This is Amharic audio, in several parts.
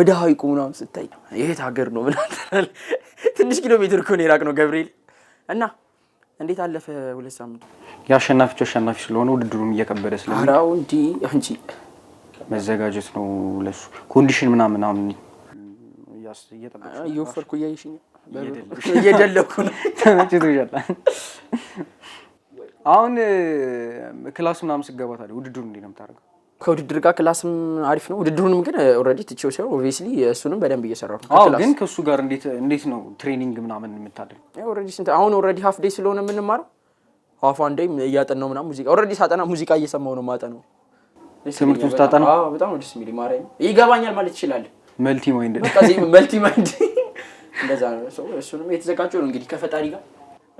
ወደ ሀይቁ ምናምን ስታይ ነው የት ሀገር ነው ምናምን። ትንሽ ኪሎ ሜትር እኮ ነው የራቅ ነው ገብርኤል። እና እንዴት አለፈ ሁለት ሳምንቱ? የአሸናፊዎች አሸናፊ ስለሆነ ውድድሩን እየቀበለ ስለራው እንዲ አንቺ መዘጋጀት ነው ለሱ ኮንዲሽን ምናምን ምናምን እየወፈርኩ እያየሽኝ እየደለኩ ነው። ተመችቶሻል? አሁን ክላሱ ምናምን ስገባታለ ውድድሩ ውድድሩን እንዴት ነው የምታደርገው? ከውድድር ጋር ክላስም አሪፍ ነው። ውድድሩንም ግን ኦልሬዲ ትቼው ሳይሆን ኦብቪየስሊ እሱንም በደንብ እየሰራሁ ነው። አዎ ግን ከእሱ ጋር እንዴት ነው ትሬኒንግ ምናምን የምታደርግ? አሁን ኦልሬዲ ሀፍ ዴይ ስለሆነ የምንማረው ሀፍ ዋን ዴይ እያጠናሁ ምናምን ሙዚቃ ኦልሬዲ ሳጠና ሙዚቃ እየሰማው ነው ማጠናው። ትምህርቱን ስታጠና በጣም ደስ የሚል ማርያም ይገባኛል ማለት ይችላል። መልቲ ማይንድ መልቲ ማይንድ እንደዛ ነው። እሱንም የተዘጋጀው ነው እንግዲህ ከፈጣሪ ጋር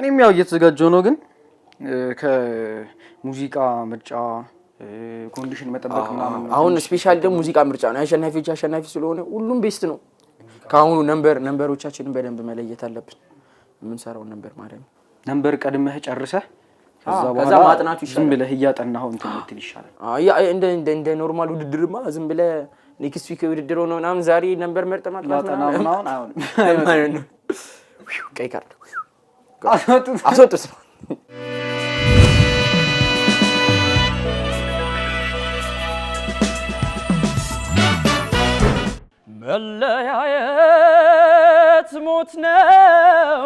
እኔም ያው እየተዘጋጀው ነው ግን ከሙዚቃ ምርጫ ኮንዲሽን መጠበቅ ምናምን። አሁን ስፔሻል ደግሞ ሙዚቃ ምርጫ ነው። አሸናፊዎች አሸናፊ ስለሆነ ሁሉም ቤስት ነው። ከአሁኑ ነንበር ነንበሮቻችንን በደንብ መለየት አለብን። የምንሰራውን ነንበር ማለት ነው። ነንበር ቀድመህ ጨርሰህ ከዛ ማጥናቱ ይሻላል። ዝም ብለህ እያጠናኸው እንትን የምትል ይሻላል። እንደ እንደ ኖርማል ውድድርማ ዝም ብለህ ኔክስት ዊክ ውድድር ሆነ ምናምን ዛሬ ነንበር መርጠህ ማጥናት ቀይ ካርድ አስወጡት ነው መለያየት ሞት ነው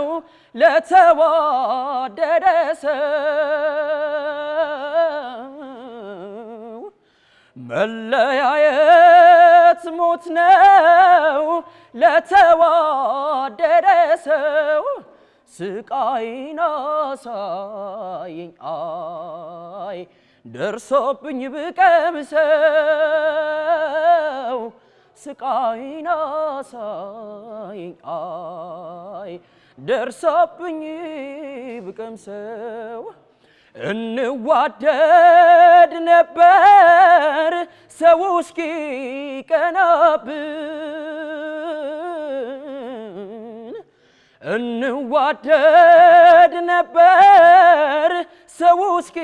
ለተዋደደ ሰው መለያየት ሞት ነው ለተዋደደ ሰው ስቃይን አሳየኝ አይ ደርሶብኝ ብቀምሰው ስቃይና ሳይ አይ ደርሳብኝ ብቀምሰው እንዋደድ ነበር ሰው እስኪ ቀናብን እንዋደድ ነበር ሰው እስኪ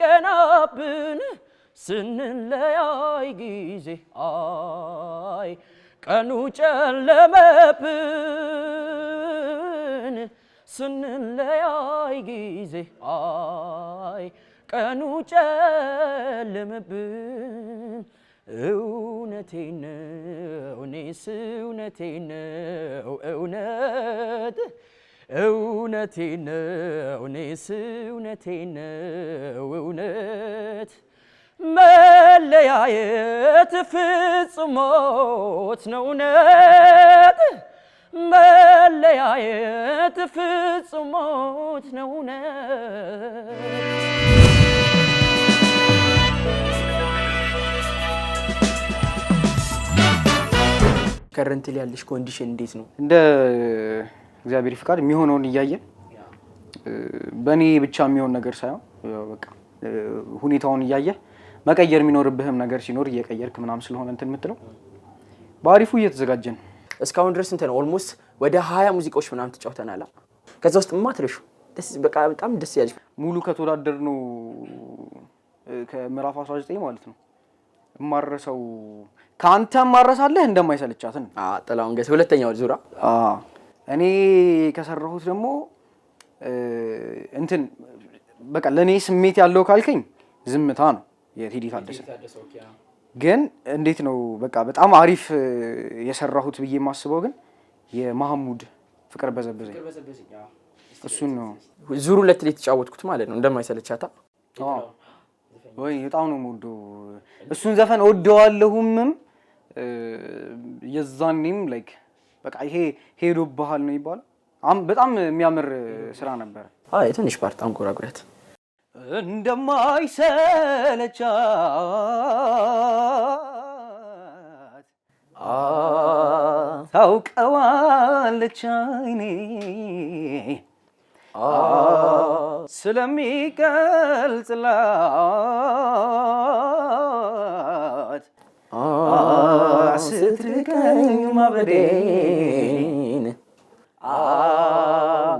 ቀናብን ስንለያይ ጊዜ አይ ቀኑ ጨለመብን ስንለያይ ጊዜ አይ ቀኑ ጨለመብን። እውነቴ ነው እኔስ እውነቴ ነው እውነት እውነቴ ነው እኔስ እውነቴ ነው እውነት መለያየት ፍጹም ነው እውነት መለያየት ፍጹም ነው እውነት ከረንትሊ ያለሽ ኮንዲሽን እንዴት ነው? እንደ እግዚአብሔር ፍቃድ የሚሆነውን እያየን በእኔ ብቻ የሚሆን ነገር ሳይሆን በቃ ሁኔታውን እያየ መቀየር የሚኖርብህም ነገር ሲኖር እየቀየርክ ምናምን ስለሆነ እንትን የምትለው በአሪፉ እየተዘጋጀን እስካሁን ድረስ እንትን ኦልሞስት ወደ ሀያ ሙዚቃዎች ምናምን ተጫውተናል። ከዛ ውስጥ ማትለሹ በጣም ደስ ያለ ሙሉ ከተወዳደር ነው ከምዕራፍ 19 ማለት ነው የማረሰው ከአንተ ማረሳለህ እንደማይሰለቻትን ጥላሁን ገሰ ሁለተኛው ዙራ እኔ ከሰራሁት ደግሞ እንትን በቃ ለእኔ ስሜት ያለው ካልከኝ ዝምታ ነው። የቴዲ ታደሰ ግን እንዴት ነው በቃ በጣም አሪፍ የሰራሁት ብዬ የማስበው ግን የማህሙድ ፍቅር በዘበዘኝ እሱን ነው ዙር ሁለት ላይ የተጫወትኩት ማለት ነው። እንደማይሰለቻታ ወይ በጣም ነው ወዶ እሱን ዘፈን ወደዋለሁምም የዛኔም ላይክ በቃ ይሄ ሄዶ ባህል ነው ይባላል። በጣም የሚያምር ስራ ነበር። ትንሽ ፓርት አንጎራጉረት እንደማይሰለቻት ታውቀዋለች አይኔ ስለሚገልጽላት ስትቀኝ ማበዴን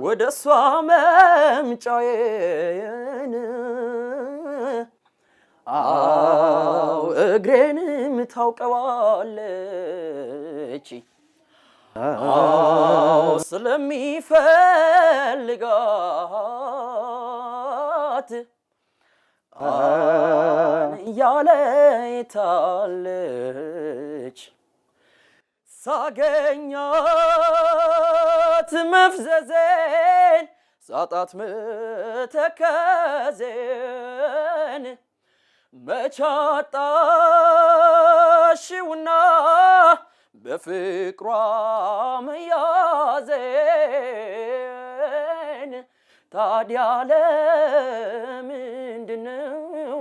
ወደ እሷ መምጫዬን አው እግሬንም ታውቀዋለች አው ስለሚፈልጋት እያለይታለች ሳገኛት መፍዘዜን ሳጣት ምተከዜን መቻጣሽውና በፍቅሯ መያዜን ታዲያ ለምንድነው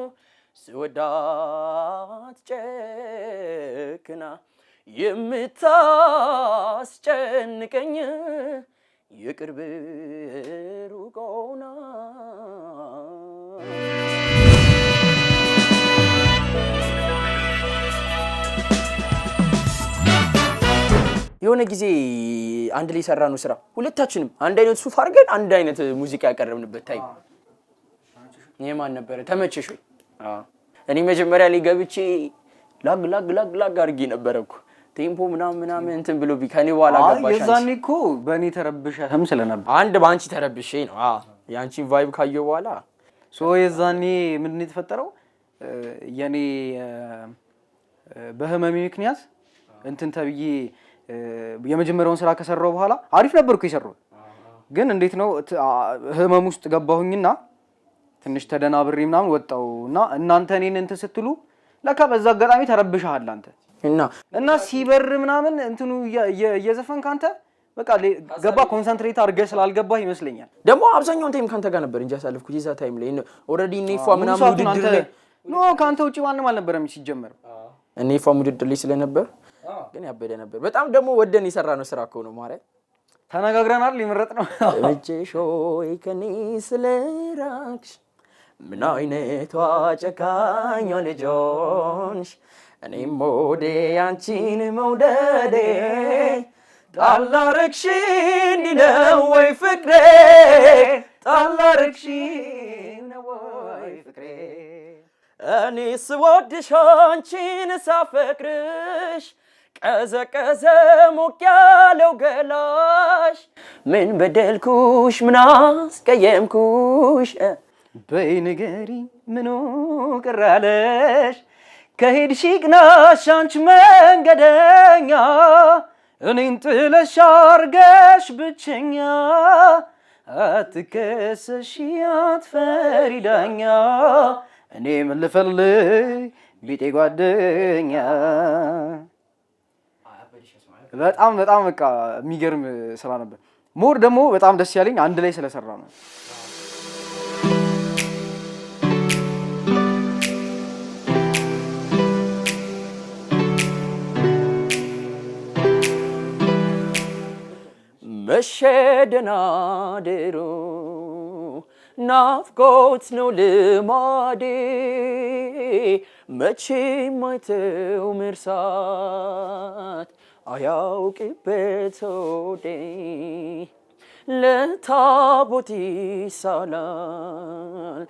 ስወዳት ጨክና የምታስጨንቀኝ የቅርብ ሩቆና የሆነ ጊዜ አንድ ላይ የሰራ ነው ስራ ሁለታችንም አንድ አይነት ሱፍ አድርገን አንድ አይነት ሙዚቃ ያቀረብንበት ታይም ይህ ማን ነበረ? ተመቸሽ? እኔ መጀመሪያ ላይ ገብቼ ላግ ላግ ላግ ላግ አድርጌ ነበረ እኮ ቴምፖ ምናምን ምናምን እንትን ብሎ ከኔ በኋላ ገባሽ። የዛኔ እኮ በእኔ ተረብሸህም ስለነበር አንድ በአንቺ ተረብሼ ነው የአንቺን ቫይብ ካየሁ በኋላ ሶ የዛኔ ምንድን የተፈጠረው? የኔ በህመሜ ምክንያት እንትን ተብዬ የመጀመሪያውን ስራ ከሰራው በኋላ አሪፍ ነበር እኮ የሰራው፣ ግን እንዴት ነው ህመም ውስጥ ገባሁኝና ትንሽ ተደናብሬ ምናምን ወጣው እና እናንተ እኔን እንትን ስትሉ ለካ በዛ አጋጣሚ ተረብሻሃል አንተ እና እና ሲበር ምናምን እንትኑ እየዘፈንክ ካንተ በቃ ገባ ኮንሰንትሬት አድርገህ ስላልገባህ ይመስለኛል። ደግሞ አብዛኛውን ታይም ካንተ ጋር ነበር እንጂ ያሳለፍኩት የዛ ታይም ላይ ኦልሬዲ ኔፋ ምናምን ውድድር ላይ ኖ ከአንተ ውጭ ማንም አልነበረም ሲጀመር። ኔፋ ውድድር ላይ ስለነበር ግን ያበደ ነበር በጣም ደግሞ ወደን የሰራ ነው ስራ ከሆነ ነው ማለት ተነጋግረናል። ሊመረጥ ነው እጅሾይ ከኔ ስለራክሽ ምን አይነቷ ጨካኛ ልጆንሽ እኔም ሞዴ አንቺን መውደዴ ጣላረግሽ እንዲነው ወይ ፍቅሬ ጣላረግሽ ነው ፍቅሬ እኔ ስወድሽ አንቺን ሳፈቅርሽ ቀዘቀዘ ሞቅ ያለው ገላሽ ምን በደልኩሽ ምን አስቀየምኩሽ በይ ንገሪ ምኑ ቅራለሽ ከሄድሽ ይቅናሽ አንቺ መንገደኛ እኔን ጥለሽ አርገሽ ብቸኛ አትከሰሽ አትፈሪ ዳኛ እኔ ምን ልፈልግ ቢጤ ጓደኛ። በጣም በጣም በቃ የሚገርም ስራ ነበር። ሞር ደግሞ በጣም ደስ ያለኝ አንድ ላይ ስለሰራ ነው። መሸ ደህና ደሩ ናፍቆት ነው ልማዴ መቼ አይተውም እርሳት አያውቅበት ሆዴ ለታቦት ይሳላል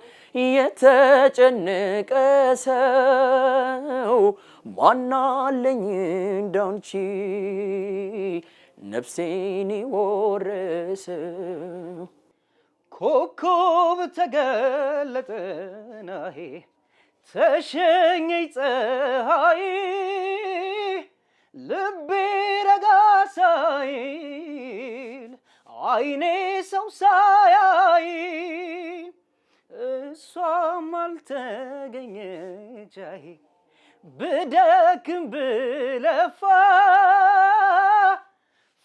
የተጨነቀ ሰው ማናለኝ እንዳንቺ ነፍሴን ወረሰው ኮከብ ተገለጠ ናሄ ተሸኘኝ ፀሐይ ልቤ ረጋ ሳይል አይኔ ሰው ሳያይ እሷም አልተገኘች አይ ብደክም ብለፋ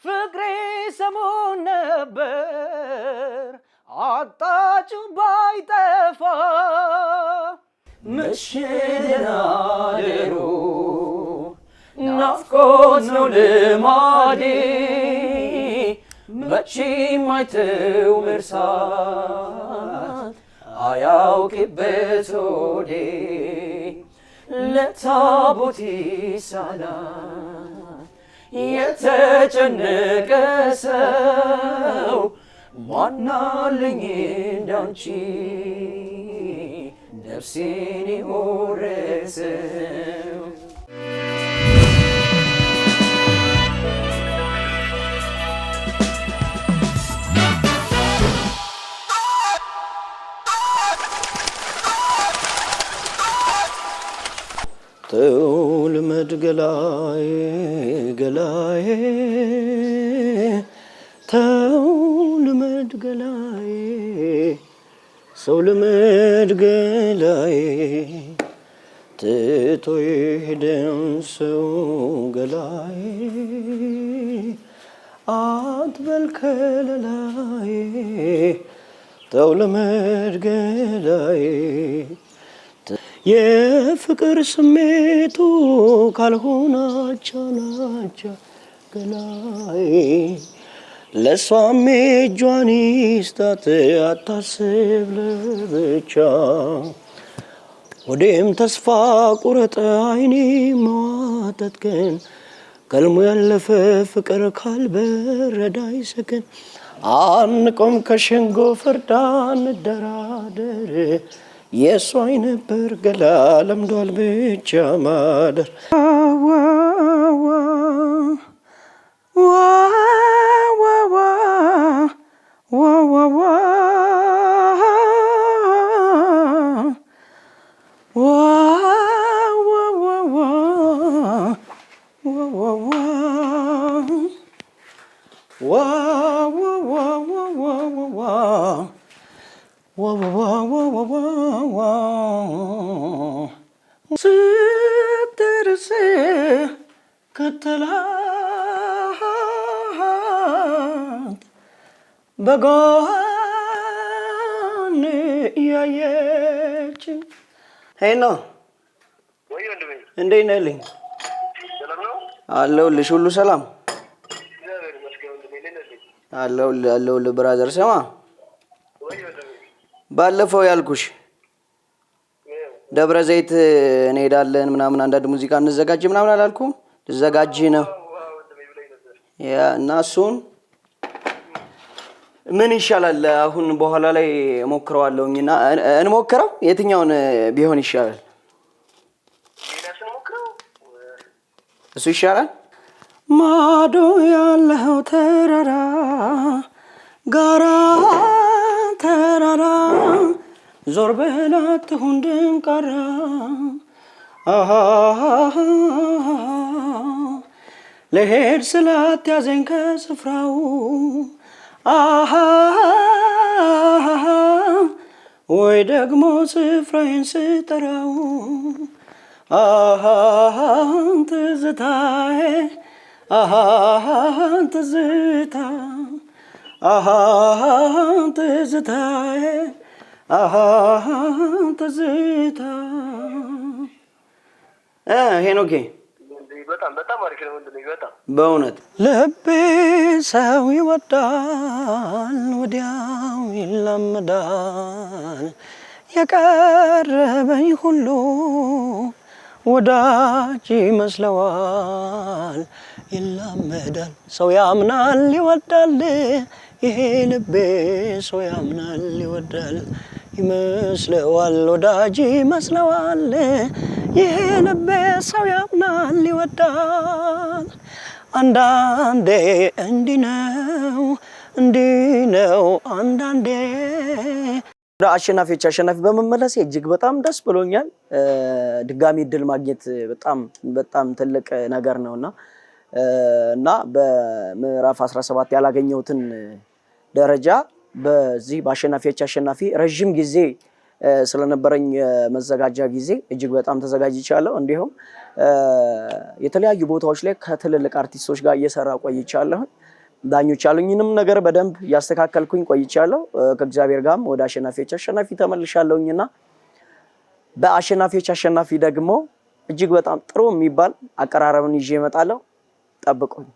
ፍቅሬ ሰሞን ነበር አጣችሁ ባይጠፋ ምሽትን አድሮ ናፍቆት ነው ልማዴ መቼም አይተውም እርሳት አያውቅበት ሆዴ ለታቦት ይሳላል የተጨነቀ ሰው ማናለኝ እንዳንቺ ነፍሴን የወረሰው ይሂደን ሰው ገላዬ አትበል ከለላዬ ተው ልመድ የፍቅር ስሜቱ ካልሆናቻ ናቻ ገላዬ ለሷም እጇን ይስጣት አታስብ ለብቻ ወዴም ተስፋ ቁረጠ አይኔ መዋጠት ቀን ያለፈ ፍቅር ካልበረዳይ ሰከን አንቆም ከሸንጎ ፍርዳ እንደራደር የእሷ አይነበር ገላ ለምዷል ብቻ ማደር አየችኝ። ሄኖ እንዴት ነህ አለሁልሽ። ሁሉ ሰላም አለሁልህ አለሁልህ። ብራዘር ስማ፣ ባለፈው ያልኩሽ ደብረ ዘይት እንሄዳለን ምናምን አንዳንድ ሙዚቃ እንዘጋጅ ምናምን አላልኩም? ልዘጋጅ ነው እና እሱን ምን ይሻላል? አሁን በኋላ ላይ ሞክረዋለሁኝና እንሞክረው። የትኛውን ቢሆን ይሻላል? እሱ ይሻላል። ማዶ ያለው ተራራ ጋራ ተራራ ዞር በላት ትሁን ደንቃራ ለሄድ ስላት ያዘኝ ከስፍራው ወይ ደግሞ ስፍራዬን ስጠራው አሃን ትዝታዬ አሃን ትዝታ አሃን ትዝታዬ አሃን ትዝታ ሄኖኬ በጣም በጣም አሪፍ ነው። በጣም በእውነት ልቤ ሰው ይወዳል፣ ወዲያው ይላመዳል። የቀረበኝ ሁሉ ወዳጅ ይመስለዋል፣ ይላመዳል። ሰው ያምናል፣ ይወዳል። ይሄ ልቤ ሰው ያምናል፣ ይወዳል ይመስለዋል፣ ወዳጅ ይመስለዋል። ይሄ ልቤ ሰው ይወዳል። አንዳንዴ እንዲህ ነው እንዲህ ነው አንዳንዴ። ወደ አሸናፊዎች አሸናፊ በመመለሴ እጅግ በጣም ደስ ብሎኛል። ድጋሚ እድል ማግኘት በጣም በጣም ትልቅ ነገር ነውና እና በምዕራፍ 17 ያላገኘሁትን ደረጃ በዚህ በአሸናፊዎች አሸናፊ ረዥም ጊዜ ስለነበረኝ መዘጋጃ ጊዜ እጅግ በጣም ተዘጋጅቻለሁ። እንዲሁም የተለያዩ ቦታዎች ላይ ከትልልቅ አርቲስቶች ጋር እየሰራ ቆይቻለሁኝ። ዳኞች ያሉኝንም ነገር በደንብ ያስተካከልኩኝ ቆይቻለሁ። ከእግዚአብሔር ጋርም ወደ አሸናፊዎች አሸናፊ ተመልሻለሁኝና በአሸናፊዎች አሸናፊ ደግሞ እጅግ በጣም ጥሩ የሚባል አቀራረብን ይዤ እመጣለሁ። ጠብቁኝ።